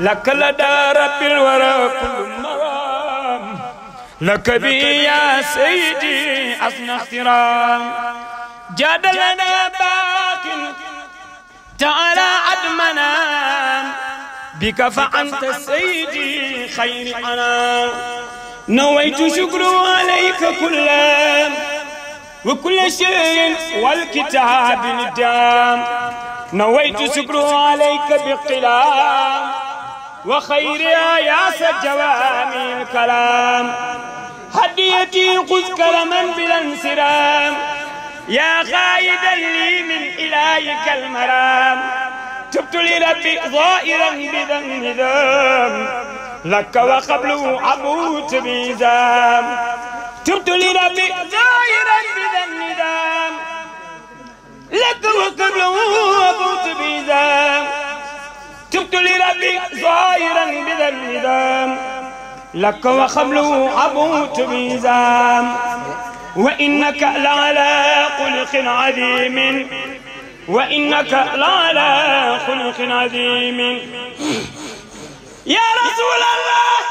لك لدى رب الورى كل مرام لك بي يا سيدي أصنع احترام جادلنا باك تعالى عدمنا بك فأنت سيدي خير أنا نويت شكر عليك كلا وكل شيء والكتاب ندام نويت شكر عليك بقلام وخيرها يا سجواني الكلام هديتي خذ كرما بلا انسرام يا خايدا لي من إلهك المرام تبت لربي ظائرا بذنب ذنب لك وقبله عبوت بيزام تبت لربي ظائرا بذنب ذنب لك وقبله عبوت بيزام كنت لربي ظاهرا بذا النظام لك وخبله عبوت ميزام وإنك لعلى خلق عظيم وإنك لعلى خلق عظيم يا رسول الله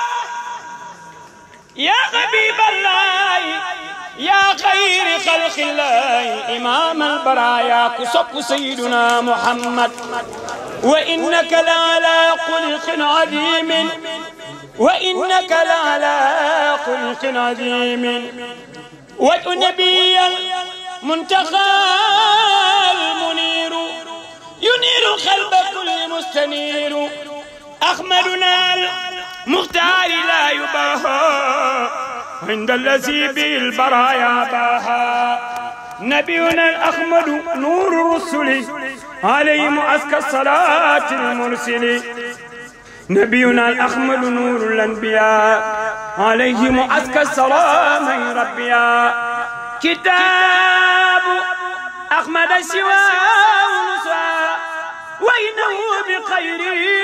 يا حبيب الله yaa xayri xalqillaahi imaamal baraaya ku sopp sayyiduna Muhammad wa innaka la alaa xuluqin aziimin wa innaka la alaa xuluqin aziimin wajhu nabiyyil muntaqal muniiru yuniiru qalba kulli mustaniiru axmadunaa al muxtaari laa yubaahu عند الذي بالبرايا باها نبينا الأحمد نور الرسل عليهم أزكى الصلاة المرسل نبينا الأحمد نور الأنبياء عليهم أزكى السلام من ربيا كتاب أحمد سواه نصا وإنه بخير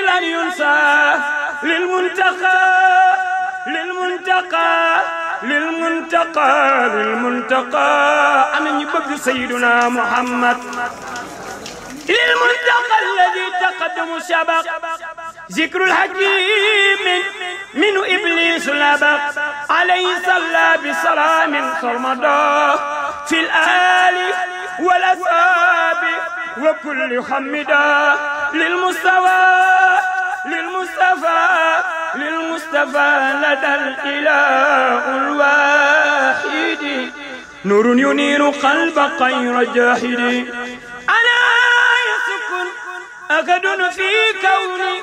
لن ينسى للمنتقى للمنتقى lil muntaqa lil muntaqa ana ñi bëgg sayyiduna muhammad lil muntaqa alladi taqaddamu sabaq zikrul hakim minu iblisu labaq alayhi salla bi salaamin sarmada fi l ali wal asaabi wa kulli hamida lil mustafa lil mustafa للمصطفى لدى الإله الواحد نور ينير قلب غير جاحد ألا يسكن أكد في كوني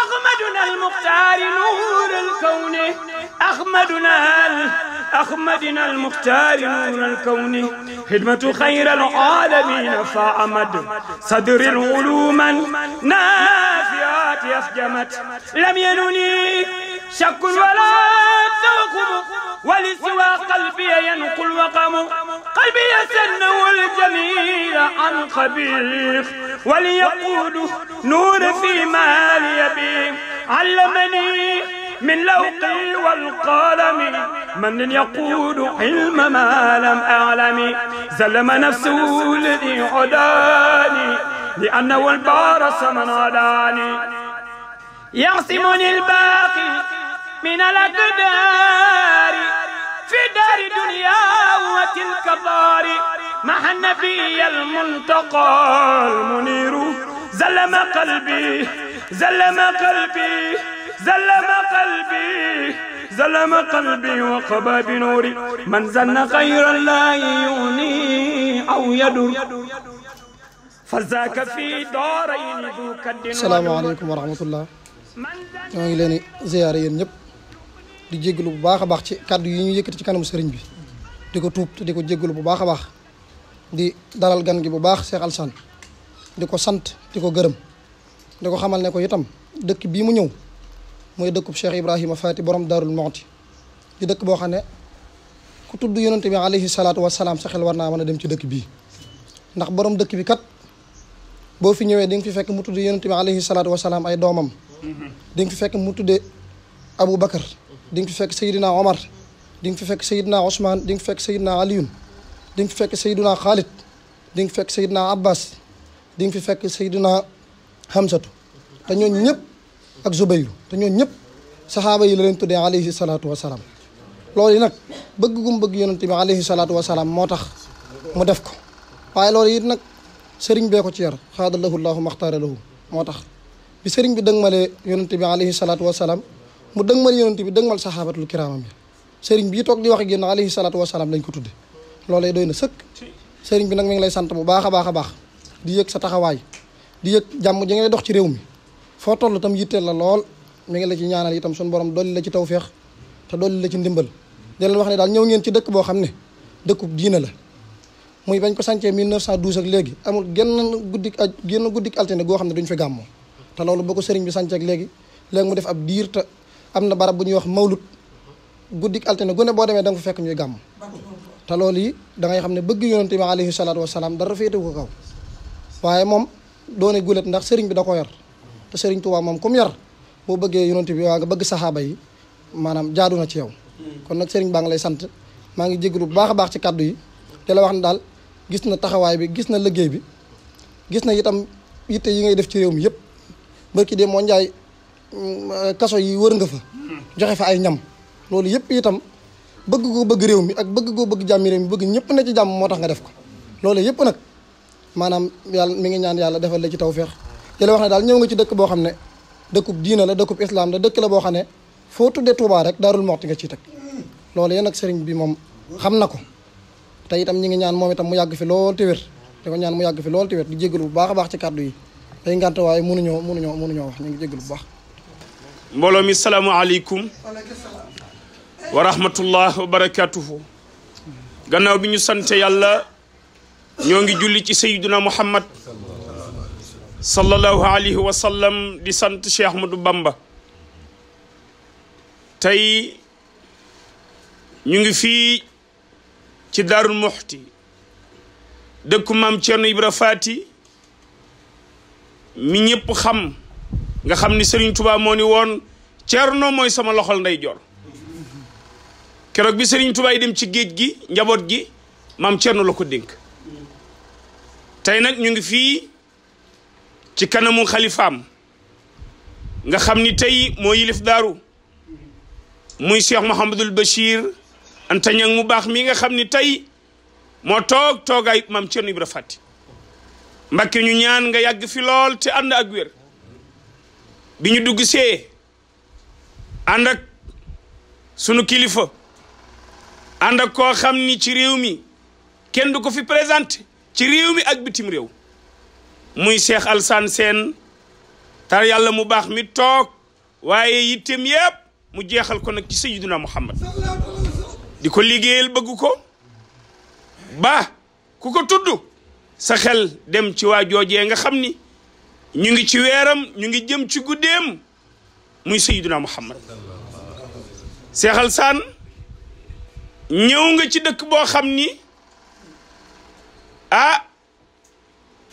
أحمدنا المختار نور الكون أحمدنا أخمدنا المختار نور الكون خدمة خير العالمين فأمد صدر العلوم نافعات أفجمت لم ينني شك ولا توقم ولسوى قلبي ينقل وقم قلبي يسنه الجميل عن قبيح وليقود نور في مال يبيه علمني من لوقي والقلم من يقود علم ما لم أعلم زلم نفسه الذي عداني لأنه البارس من عداني يعصمني الباقي من الأقدار في دار دنيا وتلك دار مع النبي الملتقى المنير زلم قلبي زلم قلبي زلم قلبي زلم قلبي وقبى بنوري من زن غير الله يغني أو يدر فذاك في دارين ذو كد السلام عليكم ورحمة الله ñoo ngi leen di ziyaare yéen ñëpp di jéggalu bu baax a baax ci kàddu yi ñu yëkkati ci kanamu sëriñ bi di ko tuub di ko jéggalu bu baax a baax di dalal gan gi bu baax Cheikh Alassane di ko sant di ko gërëm di ko xamal ne ko itam dëkk bii mu ñëw mooy muy dëkkub Cheikh Ibrahima Faati borom Daarul Muxti di dëkk boo xam ne ku tudd yonent bi alayhi salaatu wa salaam sa xel war naa mën a dem ci dëkk bii ndax borom dëkk bi kat boo fi ñëwee di nga fi fekk mu tudd yonent bi alayhi salaatu ay doomam di nga fi fekk mu tuddee Abu Bakar di nga fi fekk Seydina Omar di nga fi fekk Seydina Ousmane di nga fekk Seydina Aliyun di nga fi fekk Seydina Xaalid di nga fi fekk Seydina Abbas di nga fi fekk Seydina Hamsatu te ñooñu ñëpp. ak Zubayru te ñoom ñëpp saxaaba yi la leen tuddee alayhi salaatu wa salaam loolu yi nag bëgg gum bëgg yonent bi alayhi salaatu wa salaam moo tax mu def ko waaye loolu it nag sëriñ bee ko ci yar xaada lahu llahu maxtaara moo tax bi sëriñ bi dëgmalee yonent bi alayhi salaatu wa salaam mu dëgmal yonent bi dëgmal saxaabatul kiraamam yi sëriñ bii toog di wax ak yéen alayhi salaatu wa salaam lañ ko tudde loolee doy na sëkk sëriñ bi nag mi lay sant bu baax a baax a baax di yëg sa taxawaay di yëg jàmm ji ngay dox ci réew mi foo toll tam yitteel la lool mi ngi la ci ñaanal itam suñu borom dolli la ci tawféex te dolli la ci ndimbal di leen wax ne daal ñëw ngeen ci dëkk boo xam ne dëkkub diina la muy bañ ko sancee 1912 ak léegi amul genn guddi aj genn guddik altine goo xam ne duñ fi gàmmoo te loolu boo ko sëriñ bi sancee ak léegi léegi mu def ab diir te am na barab bu ñuy wax mawlut guddik altine gu ne boo demee da nga fa fekk ñuy gàmm te loolu yi dangay xam ne bëgg yonente bi alayhi salaatu wasalaam dara féete ko waaye moom doone gulet ndax sëriñ bi da ko yar te Serigne Touba moom comme yar boo bëggee yonent bi waa nga bëgg saxaaba yi maanaam jaadu na ci yow. kon nag seriñ baa ngi lay sant maa ngi jégalu bu baax baax ci kàddu yi te la wax ne daal gis na taxawaay bi gis na liggéey bi gis na itam yi ngay def ci réew mi yëpp barki de moo njaay kaso yi wër nga fa joxe fa ay ñam loolu yëpp itam bëgg koo bëgg réew mi ak bëgg koo bëgg jàmmi réew mi bëgg ñëpp na ci jàmm moo tax nga def ko loolu yëpp nag maanaam yàlla mi ngi ñaan yàlla defal la ci tawféex ci wax ne daal ñëw nga ci dëkk boo xam ne dëkkub diina la dëkkub islam la dëkk la boo xam ne foo tuddee Touba rek Daarul Muxti nga ciy teg loolu yéen ak sëriñ bi moom xam na ko te itam ñi ngi ñaan moom itam mu yàgg fi lool te wér ñaan mu yàgg fi lool te wér di jégalu bu baax a baax ci kàddu yi day ngànt waaye mënuñoo mënuñoo mënuñoo wax ñu ngi jégalu bu baax mbooloo mi salaamaaleykum wa rahmatullah wa barakatuhu gannaaw bi ñu sante yàlla ñoo ngi julli ci sayyiduna muhammad sallallahu alayhi wa sallam di sant Cheikh du Bamba tey ñu ngi fii ci Daarul Muxti dëkku maam Cerno Ibra Faati mi ñëpp xam nga xam ni Serigne tubaa moo ni woon Cerno mooy sama loxol ndeyjoor keroog bi Serigne tubaa yi dem ci géej gi njaboot gi maam Cerno la ko dénk tey nag ñu ngi fii ci kanamu xalifaam nga xam ni tey moo yilif daaru muy cheikh Mouhamadul Bachir antañang mu baax mi nga xam ni tey moo toog toogaay maam Cerno Ibra Fàtti Mbàkke ñu ñaan nga yàgg fi lool te ànd ak wér bi ñu dugg see ànd sunu kilifa ànd ak koo xam ni ci réew mi kenn du ko fi présenté ci réew mi ak bitim réew muy Cheikh Alsane Sène tar yàlla mu baax mi toog waaye yitteem yëpp mu jeexal ko nag ci sayyiduna Muhammad di ko liggéeyal bëgg ko ba ku ko tudd sa xel dem ci waa joojee nga xam ni ñu ngi ci weeram ñu ngi jëm ci guddeem muy sayyiduna Muhammad Cheikh Alsane nga ci dëkk boo xam ni ah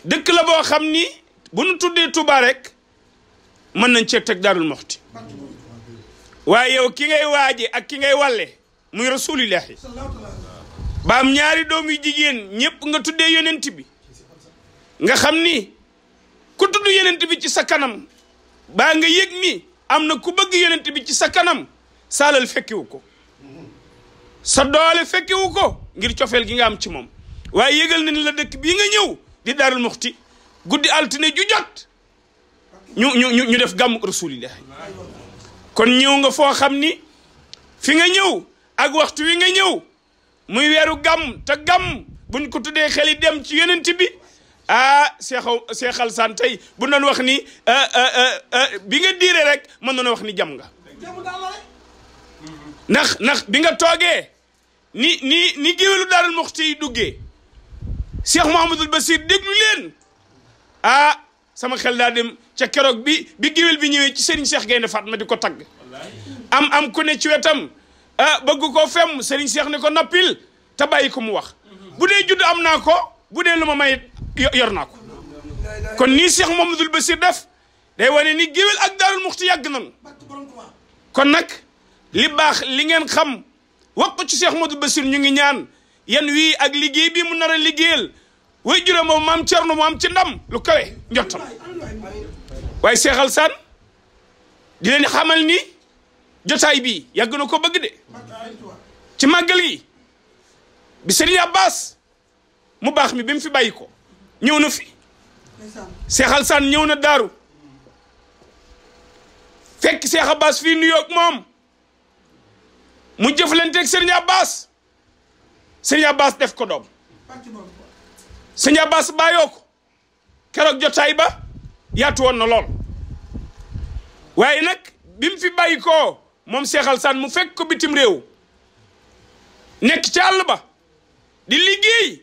dëkk la boo xam ni bu nu tuddee Touba rek mën nañ cee teg daarul moxti waaye yow ki ngay waaje ak ki ngay walle muy rasulillahi ba am ñaari doom yu jigéen ñëpp nga tuddee yonent bi nga xam ni ku tudd yonent bi ci sa kanam baa nga yëg ni am na ku bëgg yonent bi ci sa kanam saalal fekkiwu ko sa doole fekkiwu ko ngir cofeel ki nga am ci moom waaye yëgal na ni la dëkk bii nga ñëw di daarul muxti guddi altine ju jot ñu ñu ñu ñu def gàmm rasulillah kon ñëw nga foo xam ni fi nga ñëw ak waxtu wi nga ñëw muy weeru gàmm te gàmm buñ ko tuddee xel yi dem ci yonent bi ah seexaw seexal saan tey bu doon wax ni eh, eh, eh, bi nga diire rek mën nañu wax ni jam nga ndax ndax bi nga toogee ni ni ni géwélu daarul duggee Cheikh Mouhamadul Basir déglu leen ah sama xel daa dem ca keroog bi bi géwél bi ñëwee ci Serigne Cheikh Gaynde Fatma di ko tagg am am ku ne ci wetam ah bëgg koo fem Serigne Cheikh ne ko noppil te bàyyi ko mu wax bu dee judd am naa ko bu dee lu ma may yor naa ko kon nii Cheikh Mouhamadul Basir def day wane ni géwél ak Daarul Muxti yàgg nañu kon nag li baax li ngeen xam wax ko ci Cheikh Mouhamadul Basir ñu ngi ñaan yan wii ak liggéey bi mu nar a liggéeyal way juróom moom maam Cerno mu am ci ndam lu kawe njottam waaye Cheikh Alassane di leen xamal ni jotaay bi yàgg na ko bëgg de ci màggal gi bi Serigne Abbas mu baax mi bi mu fi bàyyi ñëw na fi Cheikh Alassane ñëw na daaru fekk Cheikh Abbas fii New York moom mu jëflanteeg Serigne Abbas sëñ baas def ko doom sëñ Abbas bàyyoo ko keroog jotaay ba yaatu woon na lool waaye nag bi mu fi bàyyi koo moom Cheikh Alassane mu fekk ko bitim réew nekk ci àll ba di liggéey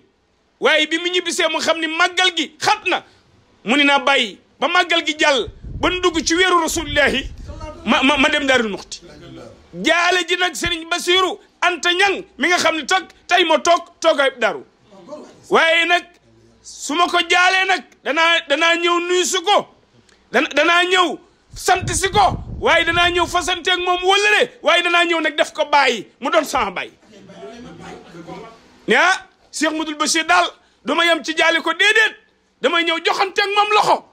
waaye bi mu ñibbisee mu xam ni màggal gi xat na mu ni naa bàyyi ba màggal gi jàll ba nu dugg ci weeru rasulillahi ma ma ma dem daarul muxti jaale ji nag sëriñ Basiru anta ñang mi nga xam ne tag tey ma toog toogay daru waaye nag su ma ko jaalee nag danaa danaa ñëw nuyu si ko dana danaa ñëw sant si ko waaye danaa ñëw fasanteeg moom wëllëre waaye danaa ñëw nag def ko bàyyi mu doon sama bàyyi ne ah dul Moudoul Bachir daal dama yem ci jaale ko déedéet damay ñëw joxanteeg moom loxo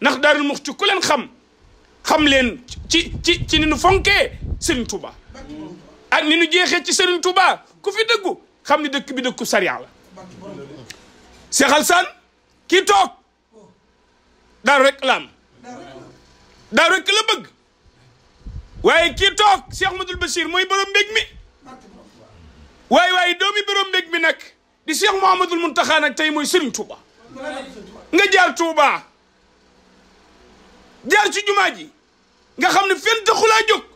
ndax Daarul Muxti ku leen xam xam leen ci ci ci ni nu fonkee Sëriñ Tuuba ak ni nu jeexee ci Serigne Touba ku fi dëggu xam ni dëkk bi dëkku sariya la Cheikh Alassane kii toog daaru rek la am daaru la bëgg waaye kii toog Cheikh Madul Bachir mooy borom mbég mi waaye waaye doomi borom mbég mi nag di Cheikh Mouhamadul Muntaxa nag tey mooy Serigne Touba nga jaar Touba jaar ci jumaa ji nga xam ne fenn taxulaa jóg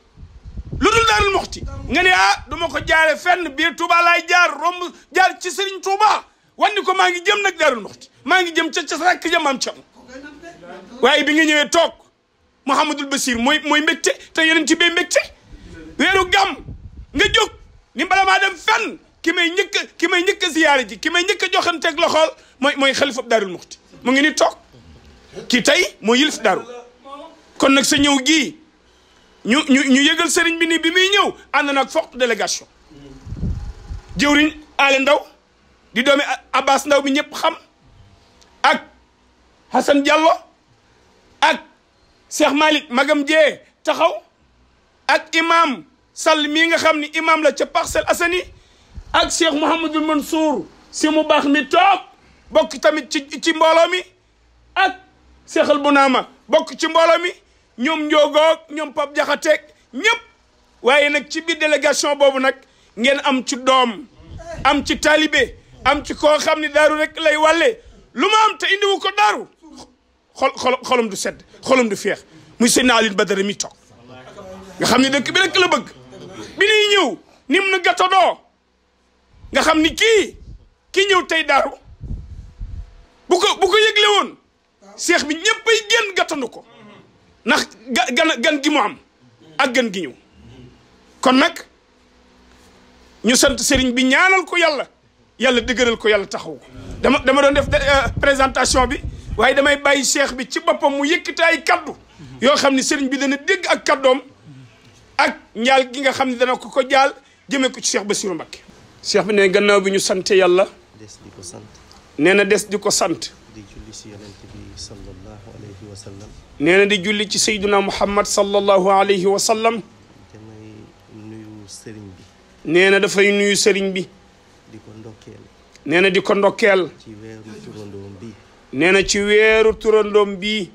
lu dul daarul moxti nga ne ah du ko jaare fenn biir Touba laay jaar romb jaar ci Serigne Touba wanni ko maa ngi jëm nag daarul moxti maa ngi jëm ca ca rakk ja maam Cerno waaye bi nga ñëwee toog Mouhamadul Basir mooy mooy mbégte te yeneen ci bee mbégte weeru gàmm nga jóg ni bala maa dem fenn ki may njëkk ki may njëkk a ziyaare ji ki may njëkk a joxanteeg loxool mooy mooy xalifa daarul moxti mu ngi ni toog kii tey moo yilif daaru kon nag sa ñëw gii ñu ñu ñu yëgal sëriñ bi ni bi muy ñëw ànd nag forte délégation jëwriñ Aale Ndaw di doomi Abbas Ndaw bi ñëpp xam ak Hassan Diallo ak Cheikh Malick Magam Dieye taxaw ak imam Sall mii nga xam ni imam la ca Parcelles Assainies ak Cheikh Mouhamadul Mansour si mu baax mi toog bokk tamit ci ci mbooloo mi ak Cheikh Albunaama bokk ci mbooloo mi ñoom Ndiogoog ñoom Pape Diakhaté ñëpp waaye nag ci biir délégation boobu nag ngeen am ci doom am ci taalibe am ci koo xam ne daaru rek lay wàlle lu ma am te indiwu ko daaru xol xolom xolum du sedd xolum du feex muy sëñ Alioune Badara mi toog nga xam ni dëkk bi rek la bëgg bi ñuy ñëw ni mu nu gàttandoo nga xam ni kii ki ñëw tey daaru bu ko bu ko yëgle woon seex bi ñëppay génn gàttandu ko ndax gan gan gi mu am ak gan gi ñëw kon nag ñu sant sëriñ bi ñaanal ko yàlla yàlla dëgëral ko yàlla taxaw ko dama dama doon def euh, présentation bi waaye damay bàyyi cheikh bi ci boppam mu yëkkati ay kaddu yoo xam ne sëriñ bi dana dégg ak kaddoom ak njaal gi nga xam ne dana ko ko jaal jëmee ko ci ba Bassirou Mbacké cheikh bi ne gannaaw bi ñu sante yàlla des nee na des di ko sant di julli ci yonent bi sallallahu alayhi wa sallam. nee na di julli ci sayduna Muhammad sallallahu alayhi wa sallam. damay nuyu sëriñ bi. nee na dafay nuyu sëriñ bi. di ko ndokkeel. nee na di ko ndokkeel. ci weeru turandoom nee na ci weeru turandoom bi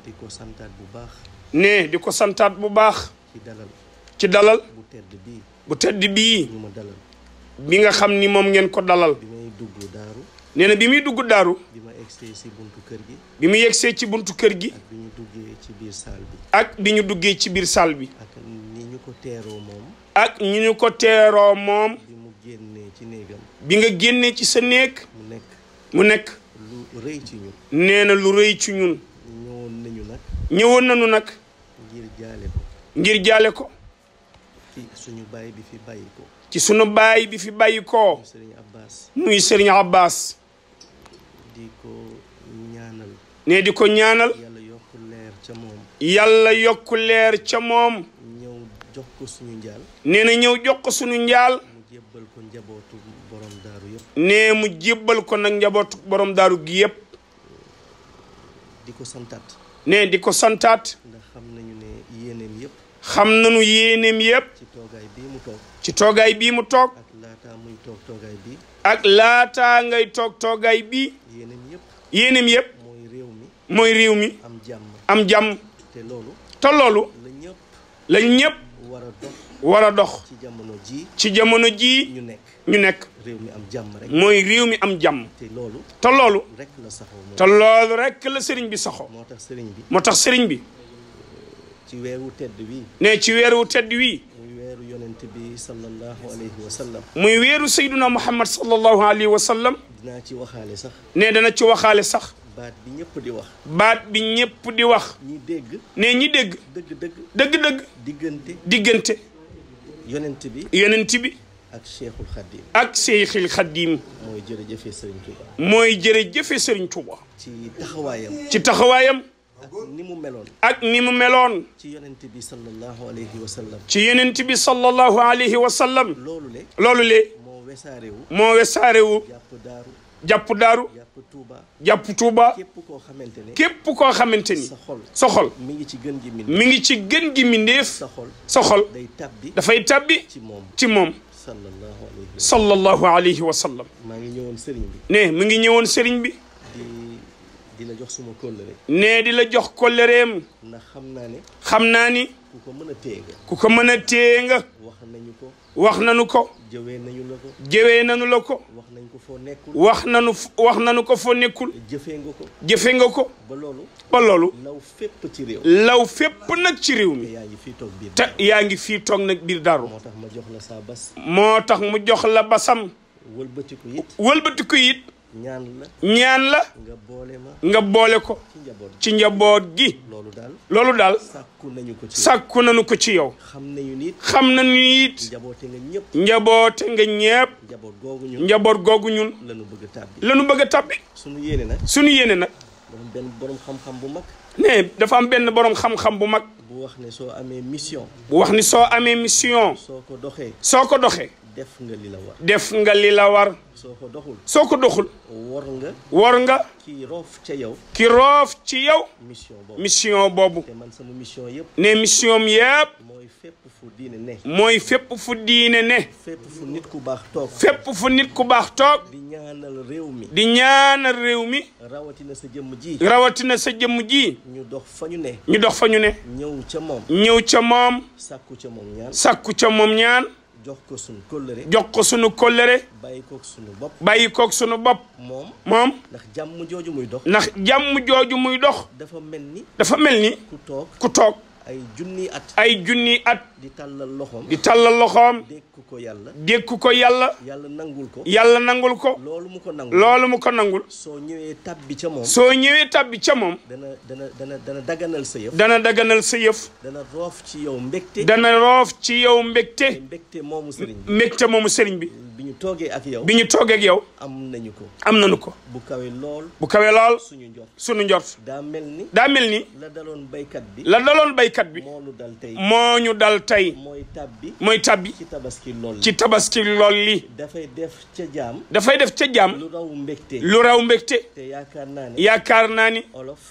di ko santaat bu baax. nee di ko santaat bu baax. ci dalal. ci dalal. bu tedd bi bu tedd bii. bi nga xam ni moom ngeen ko dalal. bi muy bi muy dugg daaru. yegsee ci buntu kër gi. bi mu yegsee ci buntu kër gi. ak bi ñu duggee ci biir saal bi. ak bi ñu duggee ci biir saal bi. ak ni ñu ko teeroo moom. ak ñu ñu ko teeroo moom. bi mu génnee ci néegam. bi nga génnee ci sa néeg. mu nekk mu nekk. lu nee na lu rëy ci ñun. ñëwoon nañu nag. ñëwoon nañu nag. ngir jaale ko. ci suñu baay bi fi bàyyi ko. ci suñu baay bi fi bàyyi ko. muy Serigne Abbas. di ko ñaanal. ne di ko ñaanal. yàlla yokk leer ca moom. yàlla yokk leer ca moom. ñëw jox suñu njaal. nee na ñëw jox ko suñu njaal. mu ko njabootu mu jébbal ko nag njabootu borom daaru gi yëpp. di ko santaat. ne di ko santaat. xam nañu ne yéeneem yëpp. xam nañu yéeneem yëpp. ci toogaay bii mu toog. ci toogaay bii mu toog. ak yéeneem yëpp mooy réew mi am jàmm te loolu la ñëpp war a dox ci jamono ji ñu nekk mooy réew mi am jàmm te loolu te loolu rek la sëriñ bi saxo moo tax sëriñ bi ci weeru tedd wi ne ci weeru tedd wi muy weeru bi sallallahu alayhi wa sallam muy weeru sayduna muhammad sallallahu alayhi wa naa ci waxaale sax. ne dana ci waxaale sax. baat bi ñëpp di wax. baat bi ñëpp di wax. ñi dégg. ne ñi dégg. dëgg dëgg. dëgg dëgg. diggante. diggante. yonent bi. yonent bi. ak Cheikhul Khadim. ak Cheikhul Khadim. mooy jërëjëfee Serigne Touba. mooy jërëjëfee Serigne Touba. ci taxawaayam. ci taxawaayam. ak ni mu meloon. ak ni mu meloon. ci yonent bi sallallahu alayhi wa sallam. ci yonent bi sallallahu loolu loolu le. moo wesaare wu jàpp daaru jàpp tuuba képp koo xamante ni sa xol mi ngi ci gën gi mi ngi ci gën gi mindéef sa xol dafay tàbbi ci moom sallallahu alayhi wa sallam maa ngi ñëwoon sëriñ bi ne mi ngi ñëwoon sëriñ bi jox suma kóllëre ne di la jox kóllëreem ndax xam naa ne xam naa ni ku ko mën a téye ku ko mën a téye nga wax nañu ko wax nañu ko. jëwee nañu la ko. jëwee nañu la ko. wax nañu ko foo nekkul. wax nañu wax nañu ko foo nekkul. jëfee nga ko. jëfee nga ko. ba loolu. ba loolu. law fépp ci nag ci réew mi. te yaa ngi fii toog biir te yaa ngi fii toog nag biir daaru moo tax ma jox la saa bas. moo tax mu jox la basam. wëlbatiku it. wëlbatiku it. ñaan la ñaan la nga boole ma nga boole ko ci njaboot gi loolu daal loolu daal sàkku nañu ko ci sàkku nañu ko ci yow xam nañu ni xam nañu it njaboote nga ñëpp njaboote nga ñëpp njaboot googu ñun njaboot googu ñun lañu bëgg a tàbbi lañu bëgg a tàbbi suñu yéene nag suñu yéene nag borom xam bu mag ne dafa am benn borom xam-xam bu mag bu wax soo amee mission. bu wax ni soo amee mission. soo ko doxee. soo ko doxee. def nga li la war. nga li la war. soo ko doxul. soo ko doxul. war nga. war nga. ki roof ca yow. ki roof ci yow. mission boobu mission boobu. man sama mission yëpp. ne mission am yëpp. mooy fépp fu diine ne. mooy fépp fu diine ne. fépp fu nit ku baax toog. fu nit ku baax toog. di ñaanal réew mi. di ñaanal réew mi. rawatina sa jëmm ji. sa jëmm ji. ñu dox fa ñu ne. ñu dox fa ñu ne. ca moom. ñëw ca moom. sàkku ca moom ñaan. sàkku ca moom ñaan. jox ko sunu kóllëre. jox ko sunu kóllëre. bàyyi koog sunu bopp. bàyyi koog sunu bopp. moom moom. ndax jàmm jooju muy dox. ndax jàmm jooju muy dox. dafa mel ni. dafa mel ni. ku toog ku toog. ay junni at. ay junni at. di tàllal loxoom. di tàllal loxoom. dékku ko yàlla. dékku ko yàlla. yàlla nangul ko. yàlla nangul ko. loolu mu ko nangul. loolu mu ko nangul. soo ñëwee tabbi ca moom. soo ñëwee tabbi ca moom. dana dana dana dana daganal sa yëf. dana daganal sa yëf. dana roof ci yow mbégte. dana roof ci yow mbégte. mbégte moomu sëriñ bi. mbégte moomu sëriñ bi. bi ñu toogee ak yow. bi ñu toogee yow. am nañu ko. am nañu ko. bu kawe lool. bu kawe lool. suñu njort suñu njort. daa mel ni. daa mel ni. la daloon baykat bi. la daloon baykat liggéeykat bi moo ñu dal tey mooy tabbi ci tabaski lool li dafay def ca jaam dafay def ca jaam lu raw mbégte yaakaar naa ni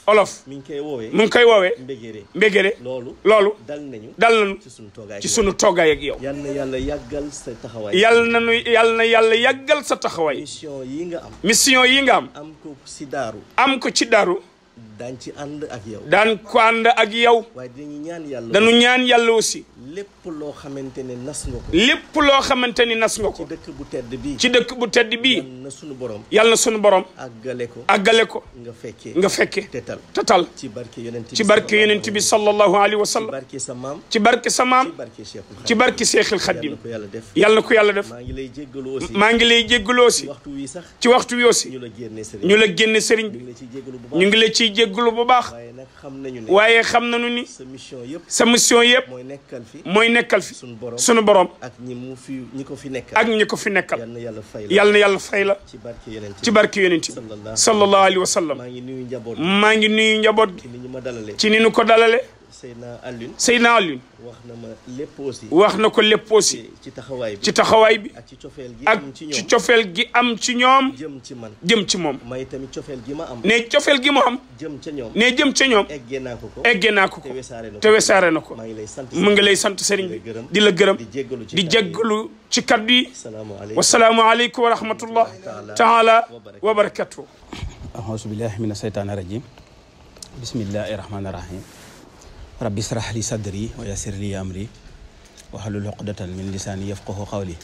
olof mu ngi koy woowee mbégéré loolu dal nañu ci sunu toogaay ak yow yal na yàlla yàggal sa taxawaay yal na yal na yàlla yàggal sa taxawaay mission yi nga am mission yi nga am am ko ci daaru am ko ci daaru daañ ci ànd ak daan ko ànd ak yow. waaye dañu ñaan yàlla dañu ñaan yàlla aussi. lépp loo xamante ne nas nga lépp loo xamante ni nas nga ko. ci dëkk bu tedd bii. ci dëkk bu tedd bii. yal na sunu borom. yal sunu borom. àggale ko àggale ko. nga fekkee nga fekkee. tetal tetal. ci barke yonent bi ci barke yonent bi sallallahu alayhi wa sallam. ci barke sa maam. ci barke sa maam. ci barke Seexul Xadim. yal na ko yalla def. maa ngi lay jéggalu aussi. maa ngi lay jéggalu aussi. ci waxtu wi sax. ci waxtu wi aussi. ñu la génne sëriñ bi ñu ngi la ciy jéggalu jégglu bu baax. waaye nag xam nañu ne. waaye xam nañu ni. sa mission yëpp. sa mission yëpp. mooy nekkal fi. mooy nekkal fi sunu borom sunu borom. ak ñi mu fi ñi ko fi nekkal. ak ñi ko fi nekkal. na yàlla fay la yàlla fay la. ci barke yonent ci barke yonent bi. sallallahu alayhi wa sallam. maa ngi nuyu njaboot maa ngi nuyu njaboot gi. ci ni ñu ni ñu ko dalalee. Seydina Alioune. Seydina Alioune. wax na ma lépp aussi. wax na ko lépp aussi. ci taxawaay bi ci taxawaay bi. ak ci cofeel gi am ci ñoom cofeel gi am ci ñoom. jëm ci man jëm ci moom. may tamit gi ma am. ne cofeel gi ma am. jëm ca ñoom ne jëm ca ñoom. eggee naa ko ko eggee naa ko ko. te wesaare na ko. maa ngi lay sant mu ngi lay sant sëriñ bi di la gërëm. di jéggalu ci di jéggalu ci kaddu yi. wasalaamualeykum wa rahmatullah. taala wa barakatu. auzu billahi mina seytaani rajim. bismillahi rahmaani rahim. rabbi israh li sadri wa yassir li amri wahlul uqdatan min lisaani yafqahu qawli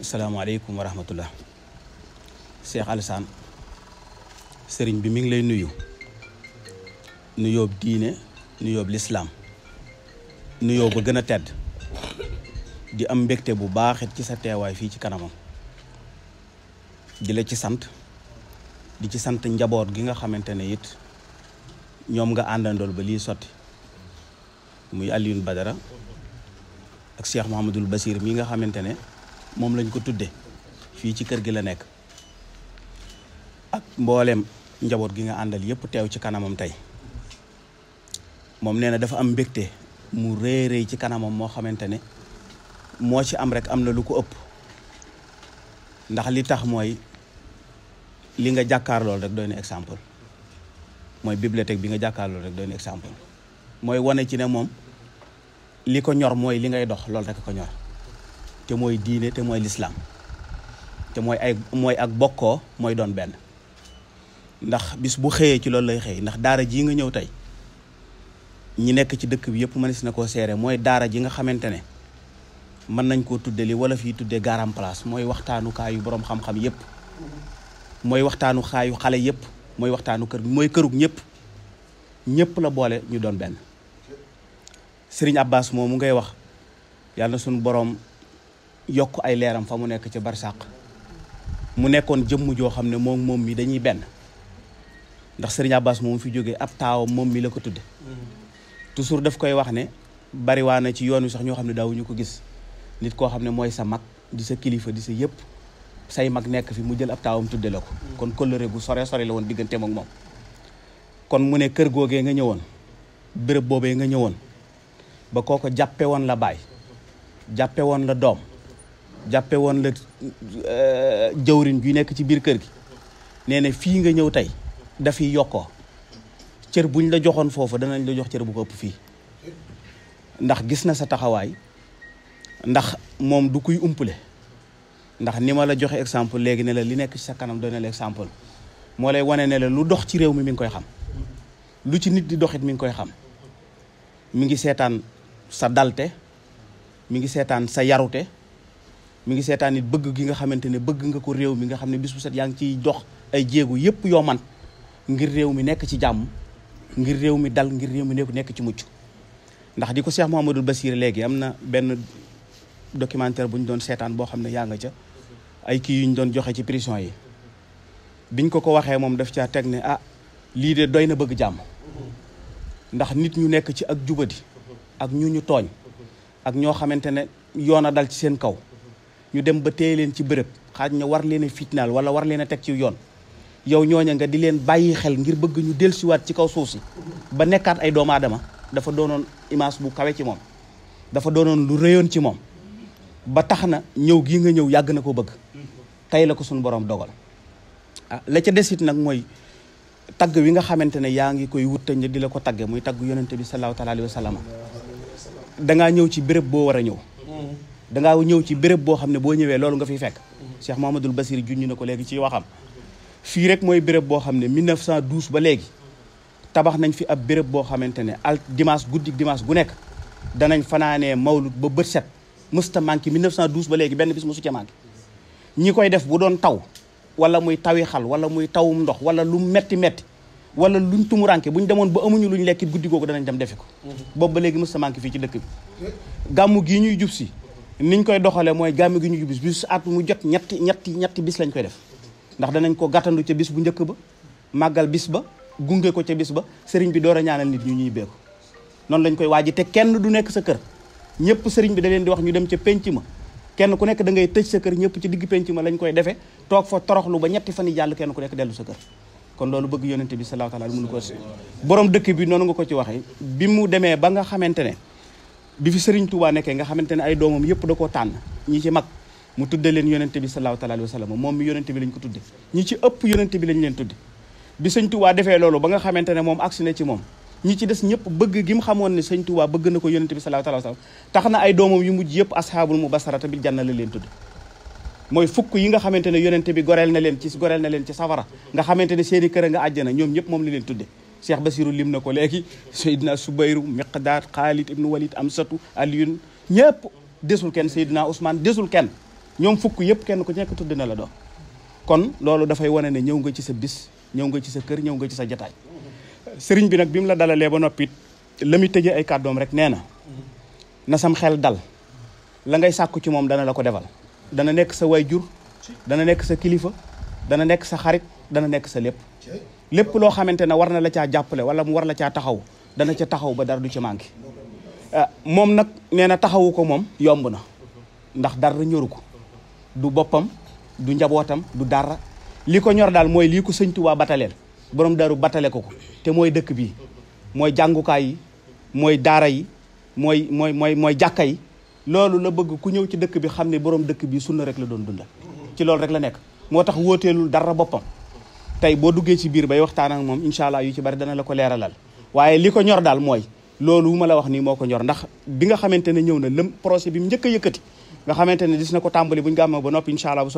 asalaamaaleykum wa rahmatullah Cheikh Alassane sëriñ bi mi ngi lay nuyu nuyoob diine nuyoob lislaam nuyoo ba gën a tedd di am mbégte bu baaxit ci sa teewaay fii ci kanamam di la ci sant di ci sant njaboot gi nga xamante ne it ñoom nga àndandool ba lii sotti muy Alioune Badara ak Cheikh Mouhamadul Basir mii nga xamante ne moom lañ ko tudde fii ci kër gi la nekk ak mbooleem njaboot gi nga àndal yëpp teew ci kanamam tey moom nee na dafa am mbégte mu rëy rëy ci kanamam moo xamante ne moo ci am rek am na lu ko ëpp ndax li tax mooy li nga jàkkaar lool rek doy na exemple mooy bibliothèque bi nga jàkkaarloo rek doon exemple mooy wane ci ne moom li ko ñor mooy li ngay dox loolu rek ko ñor te mooy diine te mooy lislaam te mooy ay mooy ak bokkoo mooy doon benn ndax bis bu xëyee ci loolu lay xëy ndax daara jii nga ñëw tey ñi nekk ci dëkk bi yëpp si na koo seere mooy daara ji nga xamante ne mën nañ koo tudde li wala fii tudde garam place mooy waxtaanukaayu boroom xam-xam yëpp mooy waxtaanukaayu xale yëpp mooy waxtaanu kër mooy këru ñëpp ñëpp la boole ñu doon benn sëriñ Abbas mu ngay wax yàlla na suñu boroom yokk ay leeram fa mu nekk ci barsàq mu nekkoon jëmm joo xam ne moom moom mi dañuy benn ndax sëriñ Abbas moom fi jógee ab taawam moom mi la ko tudde toujours daf koy wax ne bariwaa na ci yoon wi sax ñoo xam ne daawuñu ko gis nit koo xam ne mooy sa mag di sa kilifa di sa yëpp say mag nekk fi mu jël ab taawam tudde la ko kon kóllëre gu sore sore la woon diggante moom moom kon mu ne kër googee nga ñëwoon béréb boobee nga ñëwoon ba kooko jàppe woon la baay jàppe woon la doom jàppe woon la euh, jawrin ju nekk ci biir kër gi nee na fii nga ñëw tey dafiy yokkoo cër buñ la joxoon foofu danañ la jox cër bu ko ëpp fii ndax gis na sa taxawaay ndax moom du kuy umpale ndax ni ma la joxe exemple léegi ne la li nekk ci sa kanam doon na la exemple moo lay wane ne la lu dox ci réew mi mi ngi koy xam lu ci nit di doxit mi ngi koy xam mi ngi seetaan sa dalte mi ngi seetaan sa yarute mi ngi seetaan nit bëgg gi nga xamante ne bëgg nga ko réew mi nga xam ne bis bu set yaa ngi ciy dox ay jéegu yépp yoo man ngir réew mi nekk ci jàmm ngir réew mi dal ngir réew mi nekk ci mucc ndax di ko seex Cheikh Mouhamadul Basir léegi am na benn documentaire bu ñu doon seetaan boo xam ne yaa nga ca ay kii yu ñu doon joxe ci prison yi biñ ko ko waxee moom def caa teg ne ah lii de doy na bëgg jàmm ndax nit ñu nekk ci ak jubadi ak ñu ñu tooñ ak ñoo xamante ne yoon a dal ci seen kaw ñu dem ba téye leen ci bërëb xaaj na war leen a fitnaal wala war leen a teg ci yoon yow ñooña nga di leen bàyyi xel ngir bëgg ñu dellusiwaat ci kaw suuf si ba nekkaat ay doomu aadama dafa doonoon image bu kawe ci moom dafa doonoon lu rëyoon ci moom ba tax na ñëw gii nga ñëw yàgg na ko bëgg tey la ko suñu borom dogal ah la ca desit nag mooy tagg wi nga xamante ne yaa ngi koy wut ñi di la ko tagge muy tagg yonente bi sallallahu taala alayhi wa sallam dangaa ñëw ci béréb boo war a ñëw dangaa ñëw ci béréb boo xam ne boo ñëwee loolu nga fiy fekk Cheikh Mouhamadoul Basir junñu na ko léegi ci waxam fii rek mooy béréb boo xam ne 1912 ba léegi tabax nañ fi ab béréb boo xamante ne al dimanche guddi dimanche gu nekk danañ fanaanee mawlud ba bët mësta manqué 1912 ba léegi benn bis mësu ca manqué ñi koy def bu doon taw wala muy tawi xal wala muy tawum ndox wala lu metti metti wala luñ tumuranke ñu demoon ba amuñu luñ lekkit guddi googu danañ dem defi ko mm-hmm. boobu ba léegi mësta manqué fii ci dëkk bi gàmmu gii ñuy jub si niñ koy doxale mooy gàmmu gi ñuy jub si bis at mu jot ñetti ñetti ñetti bis lañ koy def ndax danañ ko gàttandu ca bis bu njëkk ba màggal bis ba gunge ko ca bis ba sëriñ bi door a ñaanal nit ñu ñuy beeku noonu lañ koy waaji te kenn du nekk sa kër ñëpp sëriñ bi da leen di wax ñu dem ca penc ma kenn ku nekk da ngay tëj sa kër ñëpp ci digg penc ma lañ koy defee toog fa toroxlu ba ñetti fan yi jàll kenn ku nekk dellu sa kër kon loolu bëgg yonente bi sallallahu alayhi wa sallam mënu ko borom dëkk bi noonu nga ko waxee bi mu demee ba nga xamante ne bi fi sëriñ Touba nekkee nga xamante ne ay doomam yëpp da koo tànn ñi ci mag mu tudde leen yonente bi sallallahu sa wa sallam moom mi yonente bi lañ ko tudde ñi ci ëpp bi lañ leen tudde bi sëñ Touba defee loolu ba nga xamante ne moom agsi na ci moom ñi ci des ñëpp bëgg gi mu xamoon ne sëñ bëgg na ko yonent bi sallallahu alayhi wasallam tax na ay doomam yu mujj yëpp ashaabul mubasharata bil janna la leen tudd mooy fukk yi nga xamante ne yonent bi goreel na leen ci goreel na leen ci safara nga xamante ne seeni kër a nga àjjana ñoom ñëpp moom la leen tudde Cheikh Basiru lim na ko léegi Seydina Subayru Miqdaar Xaalid ibnu am Amsatu Aliyun ñëpp desul kenn Seydina Ousmane desul kenn ñoom fukk yëpp kenn ku nekk tudd na la doom kon loolu dafay wane ne ñëw nga ci sa bis ñëw nga ci sa kër ñëw nga ci sa jataay sëriñ bi nag bi mu la dalalee ba noppit la muy tëjee ay kàddoom rek nee na na sam xel dal la ngay sàkku ci moom dana la ko defal dana nekk sa waajur dana nekk sa kilifa dana nekk sa xarit dana nekk sa lépp lépp loo xamante ne war na la caa jàppale wala mu war la caa taxaw dana ca taxaw ba dara du ci manqué ah, moom nag nee na taxawu ko moom yomb na ndax dara ñoru ko du boppam du njabootam du dara lii ko ñor daal mooy lii ko sëñ Tuubaa bataleel borom daru batale ko ko te mooy dëkk bi mooy jàngukaay yi mooy daara yi mooy mooy mooy mooy jàkka yi loolu la bëgg ku ñëw ci dëkk bi xam ne borom dëkk bi sunna rek la doon dundal ci loolu rek la nekk moo tax wóoteelul dara boppam tey boo duggee ci biir bay waxtaan ak moom incha allah yu ci bari dana la ko leeralal waaye li ko ñor daal mooy loolu ma la wax nii moo ko ñor ndax bi nga xamante ne ñëw na lëm projet bi mu njëkk a yëkkati nga xamante ne dis na ko tàmbali bu ba noppi incha allah bu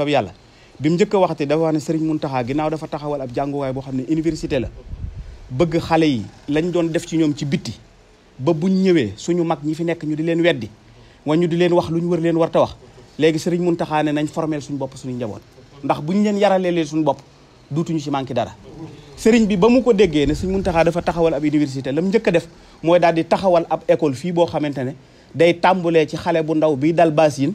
bi mu njëkk a waxati dafa wax ne Serigne Mountakha ginnaaw dafa taxawal ab jànguwaay boo xam ne université la bëgg xale yi lañ doon def ci ñoom ci bitti ba buñ ñëwee suñu mag ñi fi nekk ñu di leen weddi wa ñu di leen wax lu ñu wër leen war ta wax léegi Serigne Mountakha ne nañ formel suñu bopp suñu njaboot ndax buñ leen yaralee leen suñu bopp duutuñu ci manqué dara Serigne bi ba mu ko déggee ne Serigne Mountakha dafa taxawal ab université la mu njëkk def mooy daal di taxawal ab école fii boo xamante ne day tàmbulee ci xale bu ndaw bi dal basin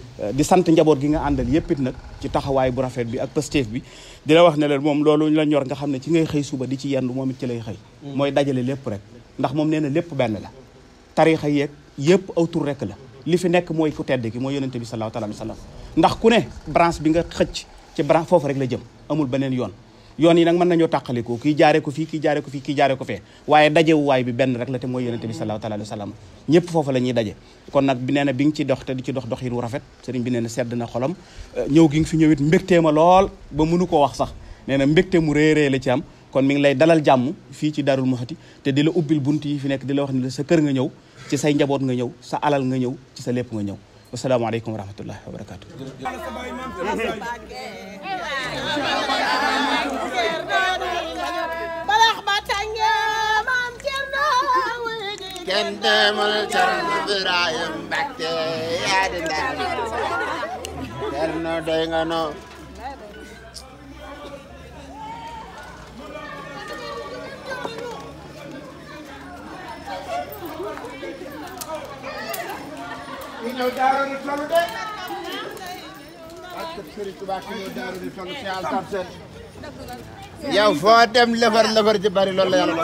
Euh, di sant njaboot gi nga àndal yëpp it nag ci taxawaay bu rafet bi ak Pastef bi di wax ne leen moom loolu la ñor nga xam ne ci ngay xëy suba di ci yendu moom it ci lay xëy mm. mooy dajale lépp rek ndax moom nee na lépp benn la tarixa yeeg yëpp aw rek la li fi nekk mooy ku tedd ki mooy yonente bi sallallahu alayhi wa sallam ndax ku ne branche bi nga xëcc ci branche foofu rek la jëm amul beneen yoon yoon yi nag mën nañoo tàqalikoo kii jaare fii kii jaare ko fii kii jaare ko fee waaye dajewu waay bi benn rek la te mooy yonente bi sallallahu alayhi ñëpp foofu la ñuy daje kon nag bi nee na bi nga ci dox te di ci dox dox yin wu rafet sëriñ bi nee na sedd na xolam euh, ñëw gi nga fi ñëwit mbégtee ma lool ba mënu ko wax sax nee na mbégte mu réerée la ci am kon mi ngi lay dalal jàmm fii ci Darou Mouhty te di la ubbil bunt yi fi nekk di la wax ni la sa kër nga ñëw ci say njaboot nga ñëw sa alal nga ñëw ci sa lépp nga ñëw wasalaamaaleykum wa rahmatullahi wa barakatu dem demal Cerno Birahim Mbacke yaa di ndam Cerno doy nga no ñu ñëw daara di tollu de ak Sëriñ Tuubaa ki ñëw daara di tollu ci altar seen yow foo dem lëfër lëfër ji bari loolu la yàlla